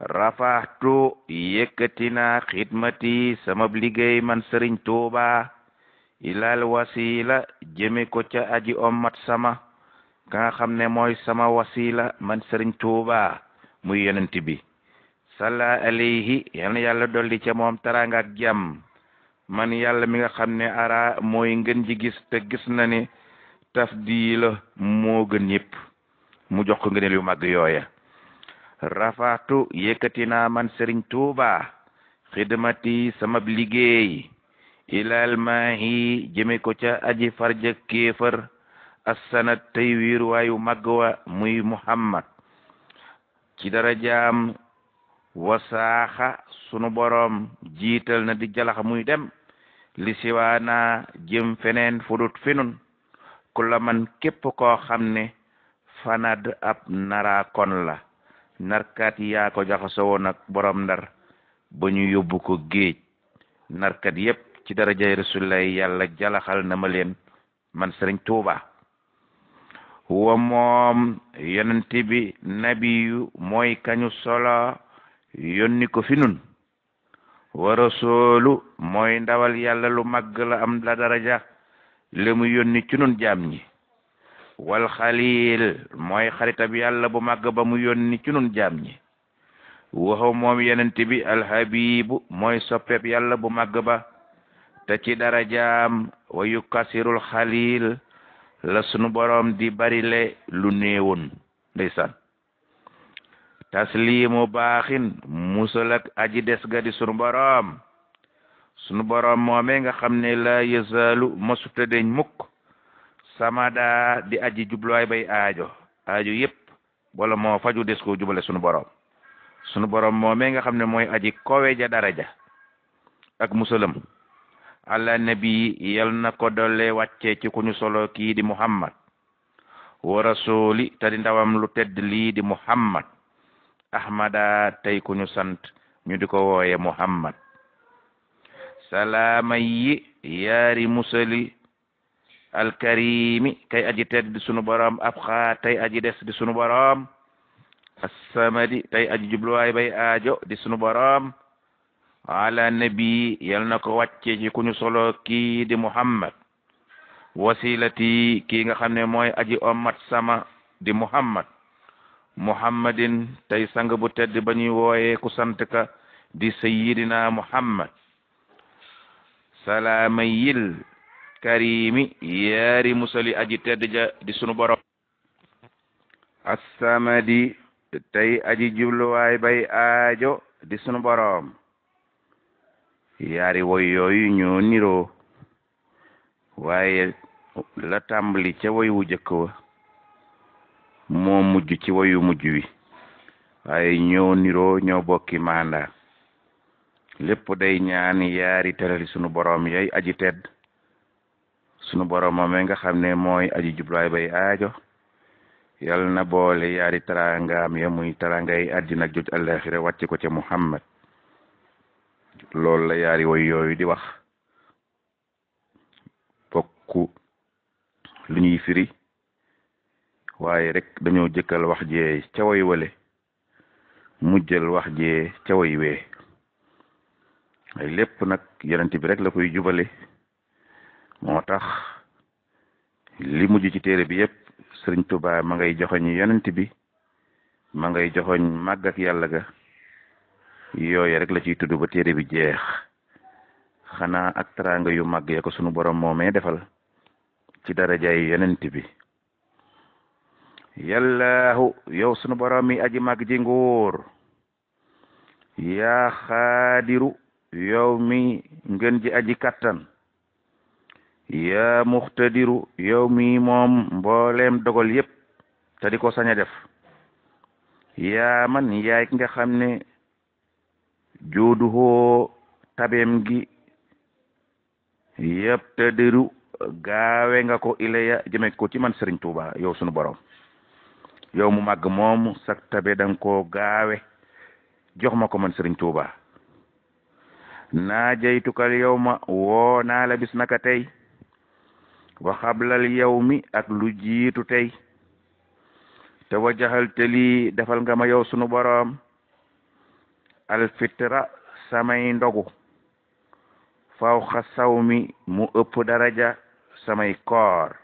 rafaxtu yëkkatina xidmati sama liggéey man sëriñ tuuba ilal wasila jëme ko ca aji ommat sama ka xam ne mooy sama wasila man sëriñ tuuba muy yonent bi salla alayhi yal na yàlla dolli ca moom taraanga ak jàmm man yàlla mi nga xam ne ara mooy ngën ji gis te gis na ni taf dii la moo gën yëpp mu jox ko ngëneel yu màgg yooya rafatu yëkkati na man sëriñ tuuba xidmati samab liggéey ilal maahi jëme ko ca aji farja kéefër assanat tey wiir waayu màgg wa muy muhammad ci dara jaam wasaaxa sunu boroom jiital na di jalax muy dem li siwaana jëm feneen fudut finun ku man képp koo xam ne fanad ab naraa kon la narkat yaa ko jaxasoo woon ak borom ndar ba ñu yóbbu ko géej narkat yépp ci darajay rasulullahi yàlla jalaxal na ma leen man sëriñ tuuba wa moom yonente bi nabiyu mooy kañu solo yónni ko fi nun wa rasulu mooy ndawal yàlla lu màgg la am la daraja li mu yónni ci nun jaam ñi wal xalil mooy xaritab yàlla bu màgg ba mu yónni ci nun jaam ñi waxu moom yenent bi alhabibu mooy soppeb yàlla bu màgg ba te ci darajaam wa yu kasirul xalil la sunu boroom di barile lu néewoon ndeysaan taslimu baaxin musal aji des ga di sunu borom sunu boroom moome nga xam ne la yezalu masuta deñ mukk samada di aji jubluwaay bay aajo aajo yëpp wala mo faju des ko jubale sunu borom sunu borom moo mee nga xam ne mooy aji kowe ja daraja ak musalam ala nabi yal na ko dolle wàcce ci ku solo kii di muhammad wa rasuli ta di ndawam lu tedd lii di muhammad ahmada tey ku ñu sant ñu di ko wooye muhammad salaama yi musali alkarimi kay aji tedd di sunu ab xaar tey aji des di sunu borom assamadi aji jubluwaay bay ajo di sunu borom ala nabi yal na ko wàcce kuñu solo kii di muhammad wasilati kii nga xam ne mooy aji ommat sama di muhammad muhammadin tey sang bu tedd ba ñuy wooye ku sant ka di sayyidina muhammad salaama karimi yaari musali aji tedd ja di sunu borom assamadi tey aji jubluwaay bay aajo di sunu borom yaari woy yooyu waaye la tàmbali ca woy jëkk wa moo mujj ci woyu mujj wi waaye ñoo niroo ñoo bokki manda lépp day ñaan yaari terali sunu borom yay aji tedd sunu borom moom nga xam ne mooy aji jubluwaay bay aajo yal boole yaari tarangaam ya muy tarangay àddina ak jot àllaaxira wàcce ko ca Muhammad loolu la yaari woy yooyu di wax bokku lu ñuy firi waaye rek dañoo jëkkal wax jee ca woy wale mujjal wax jee ca woy wee lépp nag yonent bi rek la koy jubale moo tax li mujj ci téere bi yëpp sëriñ Tuubaa ma ngay joxoñ yonent bi ma ngay joxoñ màgg ak yàlla ga yooye rek la ciy tudd ba téere bi jeex xanaa ak teraanga yu màgg ya ko sunu borom moomee defal ci dara jay yonent bi yàllaahu yow sunu borom mi aji màgg ji nguur yaa yow mi ngeen ji aji kattan yaa muxtadiru yow mi moom mbooleem dogal yépp te di ko sañ def yaa man ki nga xam ne jooduhoo tabem gi yëpp te gaawe nga ko ilaya jëme ko ci man Serigne Touba yow sunu borom yow mu màgg moomu sak tabe danga koo gaawe jox ma ko man Serigne Touba naa jeytukal yow ma woo naa la bis naka tey wa xablal yawmi ak lu jiitu tey te wajaxal teli defal nga ma yow sunu boroom alfitra samay ndogu faw xa saw mi mu ëpp daraja samay koor